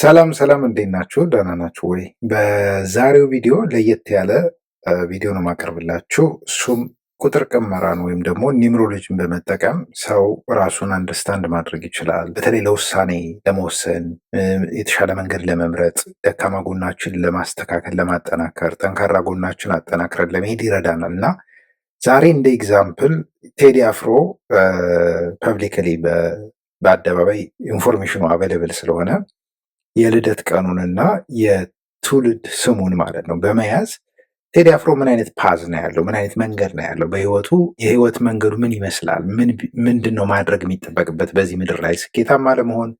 ሰላም ሰላም፣ እንዴት ናችሁ? ደህና ናችሁ ወይ? በዛሬው ቪዲዮ ለየት ያለ ቪዲዮ ነው የማቀርብላችሁ። እሱም ቁጥር ቅመራን ወይም ደግሞ ኒምሮሎጂን በመጠቀም ሰው ራሱን አንደርስታንድ ማድረግ ይችላል። በተለይ ለውሳኔ ለመወሰን፣ የተሻለ መንገድ ለመምረጥ፣ ደካማ ጎናችን ለማስተካከል፣ ለማጠናከር፣ ጠንካራ ጎናችን አጠናክረን ለመሄድ ይረዳናል እና ዛሬ እንደ ኤግዛምፕል ቴዲ አፍሮ ፐብሊክሊ በአደባባይ ኢንፎርሜሽኑ አቬለብል ስለሆነ የልደት ቀኑንና የትውልድ ስሙን ማለት ነው በመያዝ ቴዲ አፍሮ ምን አይነት ፓዝ ነው ያለው? ምን አይነት መንገድ ነው ያለው? በህይወቱ የህይወት መንገዱ ምን ይመስላል? ምንድን ነው ማድረግ የሚጠበቅበት በዚህ ምድር ላይ ስኬታማ ለመሆን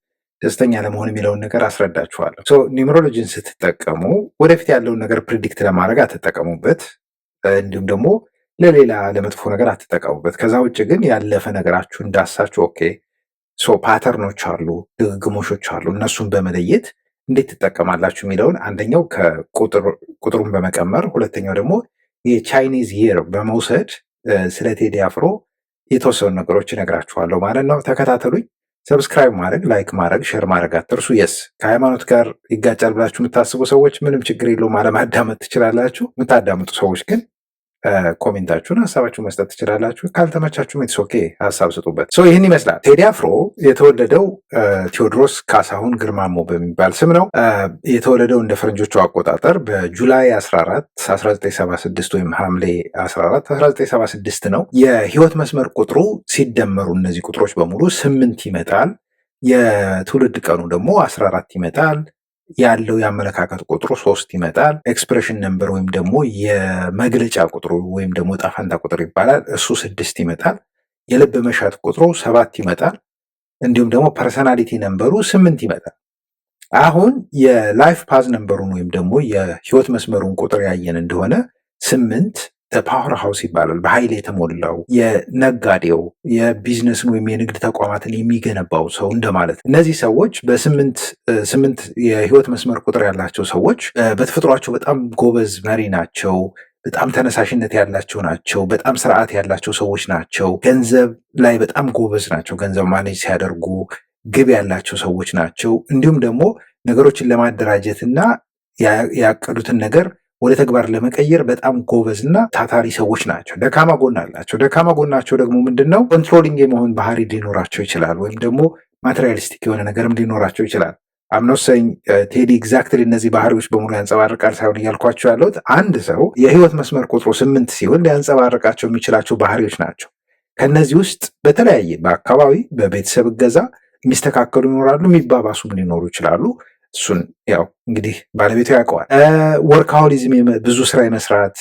ደስተኛ ለመሆን የሚለውን ነገር አስረዳችኋለሁ። ኒውመሮሎጂን ስትጠቀሙ ወደፊት ያለውን ነገር ፕሪዲክት ለማድረግ አትጠቀሙበት፣ እንዲሁም ደግሞ ለሌላ ለመጥፎ ነገር አትጠቀሙበት። ከዛ ውጭ ግን ያለፈ ነገራችሁ እንዳሳችሁ ኦኬ ሶ ፓተርኖች አሉ፣ ድግግሞሾች አሉ። እነሱን በመለየት እንዴት ትጠቀማላችሁ የሚለውን አንደኛው ቁጥሩን በመቀመር ሁለተኛው ደግሞ የቻይኒዝ የር በመውሰድ ስለ ቴዲ አፍሮ የተወሰኑ ነገሮች እነግራችኋለሁ ማለት ነው። ተከታተሉኝ። ሰብስክራይብ ማድረግ፣ ላይክ ማድረግ፣ ሼር ማድረግ አትርሱ። የስ ከሃይማኖት ጋር ይጋጫል ብላችሁ የምታስቡ ሰዎች ምንም ችግር የለውም አለማዳመጥ ትችላላችሁ። የምታዳምጡ ሰዎች ግን ኮሜንታችሁን ሀሳባችሁ መስጠት ትችላላችሁ። ካልተመቻችሁም ኢትስ ኦኬ ሀሳብ ስጡበት። ሶ ይህን ይመስላል። ቴዲ አፍሮ የተወለደው ቴዎድሮስ ካሳሁን ግርማሞ በሚባል ስም ነው። የተወለደው እንደ ፈረንጆቹ አቆጣጠር በጁላይ 14 1976 ወይም ሐምሌ 14 1976 ነው። የህይወት መስመር ቁጥሩ ሲደመሩ እነዚህ ቁጥሮች በሙሉ ስምንት ይመጣል። የትውልድ ቀኑ ደግሞ 14 ይመጣል። ያለው የአመለካከት ቁጥሩ ሶስት ይመጣል። ኤክስፕሬሽን ነምበር ወይም ደግሞ የመግለጫ ቁጥሩ ወይም ደግሞ ጣፋንታ ቁጥር ይባላል። እሱ ስድስት ይመጣል። የልብ መሻት ቁጥሩ ሰባት ይመጣል። እንዲሁም ደግሞ ፐርሰናሊቲ ነምበሩ ስምንት ይመጣል። አሁን የላይፍ ፓዝ ነምበሩን ወይም ደግሞ የህይወት መስመሩን ቁጥር ያየን እንደሆነ ስምንት ፓወር ሃውስ ይባላል። በኃይል የተሞላው የነጋዴው የቢዝነስን ወይም የንግድ ተቋማትን የሚገነባው ሰው እንደማለት ነው። እነዚህ ሰዎች በስምንት ስምንት የህይወት መስመር ቁጥር ያላቸው ሰዎች በተፈጥሯቸው በጣም ጎበዝ መሪ ናቸው። በጣም ተነሳሽነት ያላቸው ናቸው። በጣም ስርዓት ያላቸው ሰዎች ናቸው። ገንዘብ ላይ በጣም ጎበዝ ናቸው። ገንዘብ ማኔጅ ሲያደርጉ ግብ ያላቸው ሰዎች ናቸው። እንዲሁም ደግሞ ነገሮችን ለማደራጀት እና ያቀዱትን ነገር ወደ ተግባር ለመቀየር በጣም ጎበዝ እና ታታሪ ሰዎች ናቸው። ደካማ ጎን አላቸው። ደካማ ጎናቸው ደግሞ ምንድን ነው? ኮንትሮሊንግ የመሆን ባህሪ ሊኖራቸው ይችላል፣ ወይም ደግሞ ማቴሪያሊስቲክ የሆነ ነገርም ሊኖራቸው ይችላል። አምኖሰኝ ቴዲ ኤግዛክትሊ እነዚህ ባህሪዎች በሙሉ ያንጸባርቃል ሳይሆን እያልኳቸው ያለሁት አንድ ሰው የህይወት መስመር ቁጥሩ ስምንት ሲሆን ሊያንጸባርቃቸው የሚችላቸው ባህሪዎች ናቸው። ከነዚህ ውስጥ በተለያየ በአካባቢ በቤተሰብ እገዛ የሚስተካከሉ ይኖራሉ፣ የሚባባሱም ሊኖሩ ይችላሉ። እሱን ያው እንግዲህ ባለቤቱ ያውቀዋል። ወርካሆሊዝም ብዙ ስራ የመስራት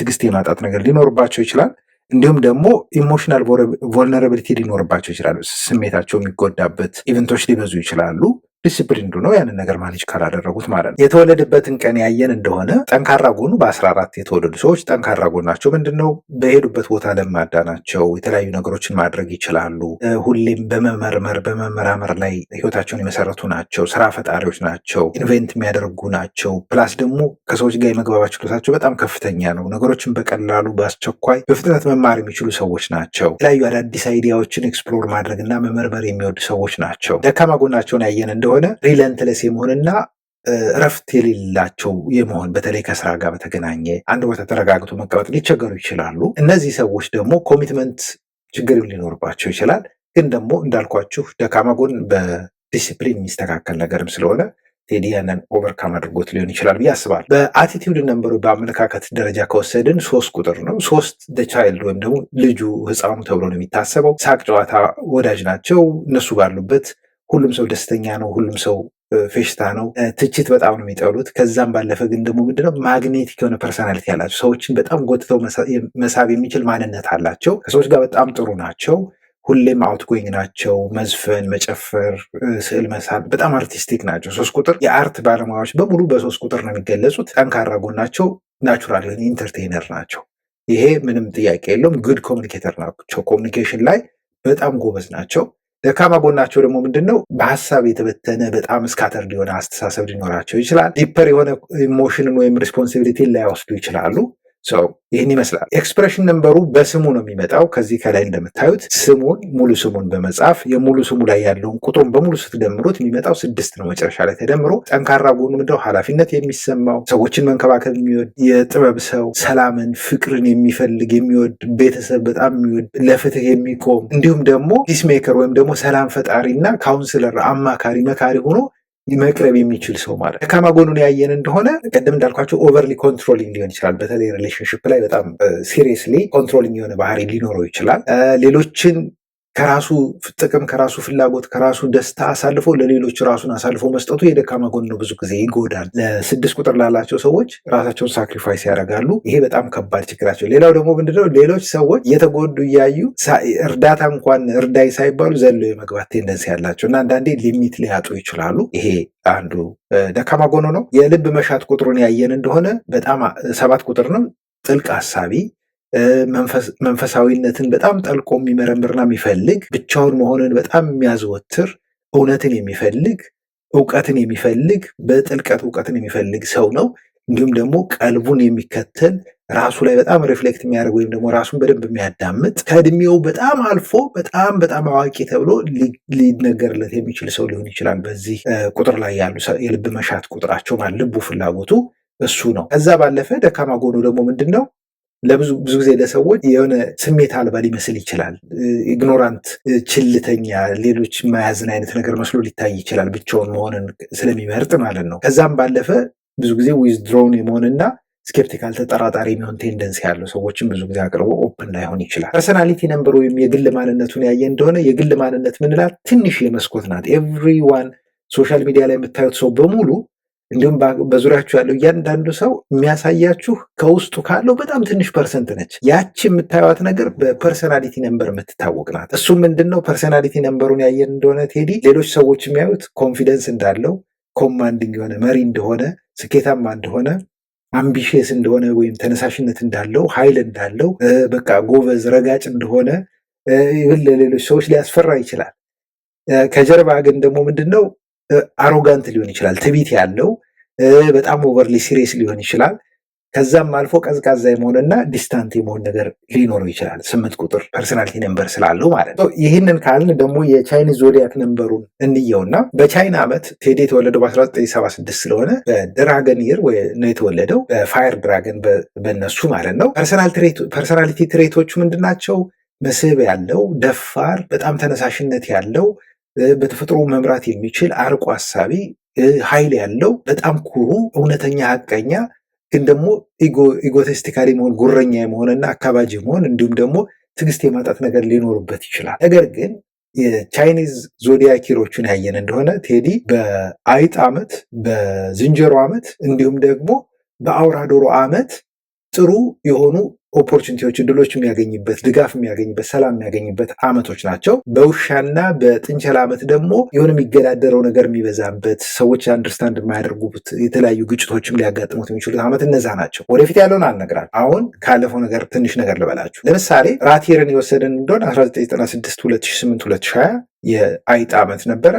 ትግስት የማጣት ነገር ሊኖርባቸው ይችላል። እንዲሁም ደግሞ ኢሞሽናል ቮልነራብሊቲ ሊኖርባቸው ይችላሉ። ስሜታቸው የሚጎዳበት ኢቨንቶች ሊበዙ ይችላሉ። ዲሲፕሊንዱ ነው ያንን ነገር ማኔጅ ካላደረጉት ማለት ነው። የተወለደበትን ቀን ያየን እንደሆነ ጠንካራ ጎኑ በ አራት የተወለዱ ሰዎች ጠንካራ ጎናቸው ምንድን ነው? በሄዱበት ቦታ ለማዳ ናቸው። የተለያዩ ነገሮችን ማድረግ ይችላሉ። ሁሌም በመመርመር በመመራመር ላይ ህይወታቸውን የመሰረቱ ናቸው። ስራ ፈጣሪዎች ናቸው። ኢንቨንት የሚያደርጉ ናቸው። ፕላስ ደግሞ ከሰዎች ጋር የመግባባት ችሎታቸው በጣም ከፍተኛ ነው። ነገሮችን በቀላሉ በአስቸኳይ በፍጥነት መማር የሚችሉ ሰዎች ናቸው። የተለያዩ አዳዲስ አይዲያዎችን ኤክስፕሎር ማድረግና መመርመር የሚወዱ ሰዎች ናቸው። ደካማ ጎናቸውን ያየን እንደ የሆነ ሪለንትለስ የመሆንና እረፍት የሌላቸው የመሆን በተለይ ከስራ ጋር በተገናኘ አንድ ቦታ ተረጋግቶ መቀመጥ ሊቸገሩ ይችላሉ። እነዚህ ሰዎች ደግሞ ኮሚትመንት ችግር ሊኖርባቸው ይችላል። ግን ደግሞ እንዳልኳችሁ ደካማ ጎን በዲሲፕሊን የሚስተካከል ነገርም ስለሆነ ቴዲ ያንን ኦቨርካም አድርጎት ሊሆን ይችላል ብዬ አስባል። በአቲቲዩድ ነንበሩ በአመለካከት ደረጃ ከወሰድን ሶስት ቁጥር ነው። ሶስት ቻይልድ ወይም ደግሞ ልጁ ህፃኑ ተብሎ ነው የሚታሰበው። ሳቅ ጨዋታ ወዳጅ ናቸው እነሱ ባሉበት ሁሉም ሰው ደስተኛ ነው። ሁሉም ሰው ፌሽታ ነው። ትችት በጣም ነው የሚጠሉት። ከዛም ባለፈ ግን ደግሞ ምንድነው ማግኔቲክ የሆነ ፐርሶናሊቲ ያላቸው ሰዎችን በጣም ጎትተው መሳብ የሚችል ማንነት አላቸው። ከሰዎች ጋር በጣም ጥሩ ናቸው። ሁሌም አውትጎይንግ ናቸው። መዝፈን፣ መጨፈር፣ ስዕል መሳል በጣም አርቲስቲክ ናቸው። ሶስት ቁጥር የአርት ባለሙያዎች በሙሉ በሶስት ቁጥር ነው የሚገለጹት። ጠንካራ ጎናቸው ናቹራል የሆነ ኢንተርቴይነር ናቸው። ይሄ ምንም ጥያቄ የለውም። ጉድ ኮሚኒኬተር ናቸው። ኮሚኒኬሽን ላይ በጣም ጎበዝ ናቸው። ደካማ ጎናቸው ደግሞ ምንድን ነው? በሀሳብ የተበተነ በጣም እስካተር የሆነ አስተሳሰብ ሊኖራቸው ይችላል። ዲፐር የሆነ ኢሞሽንን ወይም ሪስፖንሲቢሊቲን ላይወስዱ ይችላሉ። ሰው ይህን ይመስላል። ኤክስፕሬሽን ነንበሩ በስሙ ነው የሚመጣው። ከዚህ ከላይ እንደምታዩት ስሙን ሙሉ ስሙን በመጻፍ የሙሉ ስሙ ላይ ያለውን ቁጥሩን በሙሉ ስትደምሩት የሚመጣው ስድስት ነው። መጨረሻ ላይ ተደምሮ ጠንካራ ጎኑ ምንድነው? ኃላፊነት የሚሰማው ሰዎችን መንከባከብ የሚወድ የጥበብ ሰው፣ ሰላምን ፍቅርን የሚፈልግ የሚወድ ቤተሰብ በጣም የሚወድ ለፍትህ የሚቆም እንዲሁም ደግሞ ፒስሜከር ወይም ደግሞ ሰላም እና ካውንስለር አማካሪ መካሪ ሆኖ መቅረብ የሚችል ሰው ማለት ደካማ ጎኑን ያየን እንደሆነ ቅድም እንዳልኳቸው ኦቨርሊ ኮንትሮሊንግ ሊሆን ይችላል። በተለይ ሪሌሽንሽፕ ላይ በጣም ሲሪየስሊ uh, ኮንትሮሊንግ የሆነ ባህሪ ሊኖረው ይችላል። uh, ሌሎችን ከራሱ ጥቅም ከራሱ ፍላጎት ከራሱ ደስታ አሳልፎ ለሌሎች ራሱን አሳልፎ መስጠቱ የደካማ ጎን ነው፣ ብዙ ጊዜ ይጎዳል። ለስድስት ቁጥር ላላቸው ሰዎች ራሳቸውን ሳክሪፋይስ ያደርጋሉ። ይሄ በጣም ከባድ ችግራቸው። ሌላው ደግሞ ምንድነው ሌሎች ሰዎች እየተጎዱ እያዩ እርዳታ እንኳን እርዳይ ሳይባሉ ዘሎ የመግባት ቴንደንስ ያላቸው እና አንዳንዴ ሊሚት ሊያጡ ይችላሉ። ይሄ አንዱ ደካማ ጎኖ ነው። የልብ መሻት ቁጥሩን ያየን እንደሆነ በጣም ሰባት ቁጥር ነው ጥልቅ አሳቢ መንፈሳዊነትን በጣም ጠልቆ የሚመረምርና የሚፈልግ ብቻውን መሆንን በጣም የሚያዘወትር እውነትን የሚፈልግ እውቀትን የሚፈልግ በጥልቀት እውቀትን የሚፈልግ ሰው ነው። እንዲሁም ደግሞ ቀልቡን የሚከተል ራሱ ላይ በጣም ሪፍሌክት የሚያደርግ ወይም ደግሞ ራሱን በደንብ የሚያዳምጥ ከእድሜው በጣም አልፎ በጣም በጣም አዋቂ ተብሎ ሊነገርለት የሚችል ሰው ሊሆን ይችላል። በዚህ ቁጥር ላይ ያሉ የልብ መሻት ቁጥራቸው ልቡ ፍላጎቱ እሱ ነው። ከዛ ባለፈ ደካማ ጎኑ ደግሞ ምንድን ነው? ለብዙ ብዙ ጊዜ ለሰዎች የሆነ ስሜት አልባ ሊመስል ይችላል። ኢግኖራንት፣ ችልተኛ፣ ሌሎች የማያዝን አይነት ነገር መስሎ ሊታይ ይችላል። ብቻውን መሆንን ስለሚመርጥ ማለት ነው። ከዛም ባለፈ ብዙ ጊዜ ዊዝድሮውን የመሆንና ስኬፕቲካል ተጠራጣሪ የሚሆን ቴንደንሲ ያለው ሰዎችን ብዙ ጊዜ አቅርቦ ኦፕን ላይሆን ይችላል። ፐርሰናሊቲ ነምበር ወይም የግል ማንነቱን ያየ እንደሆነ የግል ማንነት ምንላት ትንሽ የመስኮት ናት። ኤቭሪዋን ሶሻል ሚዲያ ላይ የምታዩት ሰው በሙሉ እንዲሁም በዙሪያችሁ ያለው እያንዳንዱ ሰው የሚያሳያችሁ ከውስጡ ካለው በጣም ትንሽ ፐርሰንት ነች። ያቺ የምታዩት ነገር በፐርሰናሊቲ ነንበር የምትታወቅ ናት። እሱ ምንድን ነው? ፐርሰናሊቲ ነንበሩን ያየን እንደሆነ ቴዲ፣ ሌሎች ሰዎች የሚያዩት ኮንፊደንስ እንዳለው፣ ኮማንዲንግ የሆነ መሪ እንደሆነ፣ ስኬታማ እንደሆነ፣ አምቢሽየስ እንደሆነ ወይም ተነሳሽነት እንዳለው፣ ኃይል እንዳለው፣ በቃ ጎበዝ ረጋጭ እንደሆነ ይህን ለሌሎች ሰዎች ሊያስፈራ ይችላል። ከጀርባ ግን ደግሞ ምንድን ነው አሮጋንት ሊሆን ይችላል፣ ትቢት ያለው በጣም ኦቨርሊ ሲሪየስ ሊሆን ይችላል። ከዛም አልፎ ቀዝቃዛ የመሆንና ዲስታንት የመሆን ነገር ሊኖረው ይችላል። ስምንት ቁጥር ፐርሰናሊቲ ነንበር ስላለው ማለት ነው። ይህንን ካልን ደግሞ የቻይኒዝ ዞዲያክ ነንበሩን እንየውና በቻይና ዓመት ቴዲ የተወለደው በ1976 ስለሆነ በድራገን ይር ነው የተወለደው፣ በፋየር ድራገን በነሱ ማለት ነው። ፐርሰናሊቲ ትሬቶቹ ምንድናቸው? መስህብ ያለው፣ ደፋር፣ በጣም ተነሳሽነት ያለው በተፈጥሮ መምራት የሚችል አርቆ ሀሳቢ ኃይል ያለው በጣም ኩሩ እውነተኛ ሀቀኛ ግን ደግሞ ኢጎቴስቲካሊ መሆን ጉረኛ የመሆንና አካባጅ መሆን እንዲሁም ደግሞ ትግስት የማጣት ነገር ሊኖርበት ይችላል። ነገር ግን የቻይኒዝ ዞዲያ ኪሮቹን ያየን እንደሆነ ቴዲ በአይጥ ዓመት፣ በዝንጀሮ ዓመት እንዲሁም ደግሞ በአውራ ዶሮ ዓመት ጥሩ የሆኑ ኦፖርቹኒቲዎች እድሎች የሚያገኝበት ድጋፍ የሚያገኝበት ሰላም የሚያገኝበት አመቶች ናቸው። በውሻና በጥንቸል አመት ደግሞ የሆነ የሚገዳደረው ነገር የሚበዛበት ሰዎች አንደርስታንድ የማያደርጉት የተለያዩ ግጭቶችም ሊያጋጥሙት የሚችሉት አመት እነዛ ናቸው። ወደፊት ያለውን አልነግራል። አሁን ካለፈው ነገር ትንሽ ነገር ልበላችሁ። ለምሳሌ ራቴርን የወሰደን እንደሆን 1996 2008 2020 የአይጥ አመት ነበረ።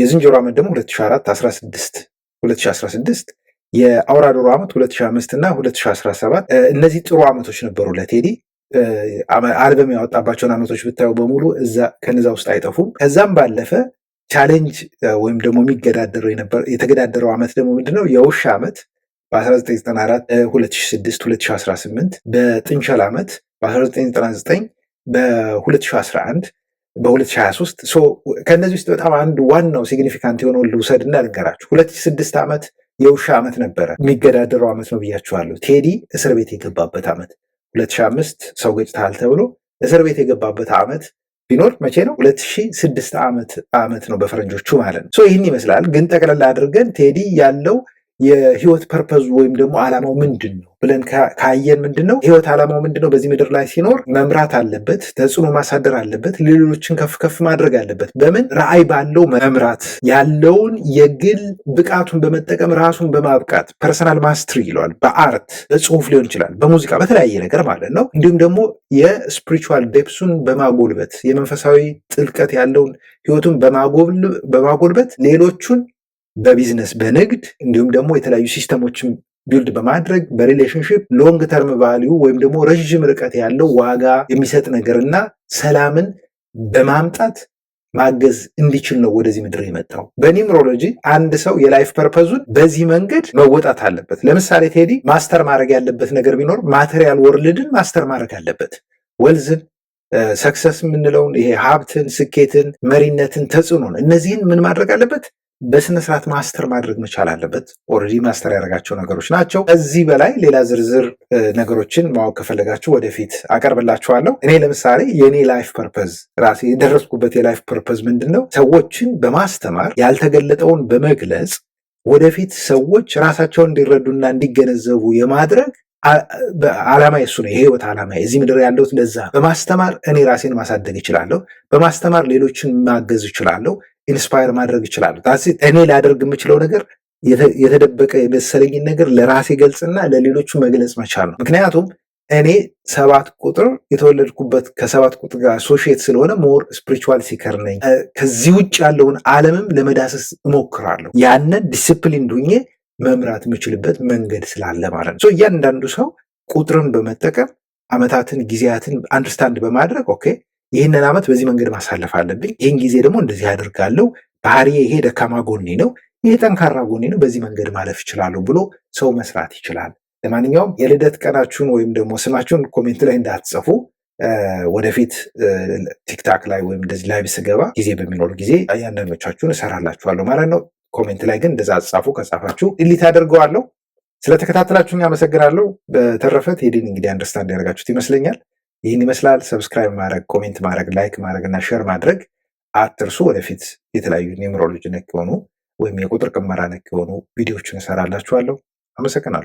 የዝንጀሮ አመት ደግሞ 2004 16 2016 የአውራ ዶሮ ዓመት 2005 እና 2017 እነዚህ ጥሩ ዓመቶች ነበሩ ለቴዲ። አልበም ያወጣባቸውን ዓመቶች ብታዩ በሙሉ እዛ ከነዛ ውስጥ አይጠፉም። ከዛም ባለፈ ቻሌንጅ ወይም ደግሞ የሚገዳደረው የተገዳደረው ዓመት ደግሞ ምንድነው? የውሻ ዓመት በ1994 2006 2018 በጥንቸል ዓመት በ1999 በ2011 በ2023 ከእነዚህ ውስጥ በጣም አንድ ዋናው ሲግኒፊካንት የሆነውን ልውሰድ እና ልንገራችሁ 2006 ዓመት የውሻ ዓመት ነበረ። የሚገዳደረው ዓመት ነው ብያችኋለሁ። ቴዲ እስር ቤት የገባበት ዓመት 2005 ሰው ገጭተሃል ተብሎ እስር ቤት የገባበት ዓመት ቢኖር መቼ ነው? 2006 ዓመት ነው በፈረንጆቹ ማለት ነው። ይህን ይመስላል። ግን ጠቅለላ አድርገን ቴዲ ያለው የህይወት ፐርፐዝ ወይም ደግሞ አላማው ምንድን ነው ብለን ካየን ምንድን ነው ህይወት አላማው ምንድን ነው? በዚህ ምድር ላይ ሲኖር መምራት አለበት፣ ተጽዕኖ ማሳደር አለበት፣ ሌሎችን ከፍ ከፍ ማድረግ አለበት። በምን ራዕይ ባለው መምራት ያለውን የግል ብቃቱን በመጠቀም ራሱን በማብቃት ፐርሰናል ማስትሪ ይለዋል። በአርት በጽሁፍ ሊሆን ይችላል፣ በሙዚቃ በተለያየ ነገር ማለት ነው። እንዲሁም ደግሞ የስፒሪቹዋል ዴፕሱን በማጎልበት የመንፈሳዊ ጥልቀት ያለውን ህይወቱን በማጎልበት ሌሎቹን በቢዝነስ በንግድ እንዲሁም ደግሞ የተለያዩ ሲስተሞችን ቢልድ በማድረግ በሪሌሽንሽፕ ሎንግ ተርም ቫሊዩ ወይም ደግሞ ረዥም ርቀት ያለው ዋጋ የሚሰጥ ነገር እና ሰላምን በማምጣት ማገዝ እንዲችል ነው ወደዚህ ምድር የመጣው። በኒምሮሎጂ አንድ ሰው የላይፍ ፐርፐዙን በዚህ መንገድ መወጣት አለበት። ለምሳሌ ቴዲ ማስተር ማድረግ ያለበት ነገር ቢኖር ማቴሪያል ወርልድን ማስተር ማድረግ አለበት። ወልዝን፣ ሰክሰስ የምንለውን ይሄ ሀብትን፣ ስኬትን፣ መሪነትን፣ ተጽዕኖን እነዚህን ምን ማድረግ አለበት በስነ ስርዓት ማስተር ማድረግ መቻል አለበት። ኦልሬዲ ማስተር ያደረጋቸው ነገሮች ናቸው። ከዚህ በላይ ሌላ ዝርዝር ነገሮችን ማወቅ ከፈለጋችሁ ወደፊት አቀርብላችኋለሁ። እኔ ለምሳሌ የእኔ ላይፍ ፐርፐዝ ራሴ የደረስኩበት የላይፍ ፐርፐዝ ምንድን ነው? ሰዎችን በማስተማር ያልተገለጠውን በመግለጽ ወደፊት ሰዎች ራሳቸውን እንዲረዱና እንዲገነዘቡ የማድረግ አላማ የሱ ነው። የህይወት አላማ እዚህ ምድር ያለሁት ለዛ። በማስተማር እኔ ራሴን ማሳደግ እችላለሁ። በማስተማር ሌሎችን ማገዝ እችላለሁ። ኢንስፓየር ማድረግ ይችላሉ። እኔ ላደርግ የምችለው ነገር የተደበቀ የመሰለኝን ነገር ለራሴ ገልጽና ለሌሎቹ መግለጽ መቻል ነው። ምክንያቱም እኔ ሰባት ቁጥር የተወለድኩበት ከሰባት ቁጥር ጋር አሶሺየት ስለሆነ ሞር ስፒሪቹዋል ሲከር ነኝ። ከዚህ ውጭ ያለውን ዓለምም ለመዳሰስ እሞክራለሁ። ያንን ዲስፕሊን ዱኜ መምራት የምችልበት መንገድ ስላለ ማለት ነው። እያንዳንዱ ሰው ቁጥርን በመጠቀም አመታትን ጊዜያትን አንደርስታንድ በማድረግ ኦኬ ይህንን ዓመት በዚህ መንገድ ማሳለፍ አለብኝ፣ ይህን ጊዜ ደግሞ እንደዚህ አደርጋለሁ፣ ባህሪዬ ይሄ ደካማ ጎኔ ነው፣ ይሄ ጠንካራ ጎኔ ነው፣ በዚህ መንገድ ማለፍ ይችላሉ ብሎ ሰው መስራት ይችላል። ለማንኛውም የልደት ቀናችሁን ወይም ደግሞ ስማችሁን ኮሜንት ላይ እንዳትጽፉ። ወደፊት ቲክታክ ላይ ወይም እንደዚህ ላይ ስገባ ጊዜ በሚኖር ጊዜ እያንዳንዶቻችሁን እሰራላችኋለሁ ማለት ነው። ኮሜንት ላይ ግን እንደዛ ጻፉ ከጻፋችሁ ድሊት አደርገዋለሁ። ስለተከታተላችሁ አመሰግናለሁ። በተረፈ ቴዲን እንግዲህ አንደርስታንድ ያደርጋችሁት ይመስለኛል። ይህን ይመስላል። ሰብስክራይብ ማድረግ፣ ኮሜንት ማድረግ፣ ላይክ ማድረግ እና ሼር ማድረግ አትርሱ። ወደፊት የተለያዩ ኒውመሮሎጂ ነክ የሆኑ ወይም የቁጥር ቅመራ ነክ የሆኑ ቪዲዮዎችን እሰራላችኋለሁ። አመሰግናለሁ።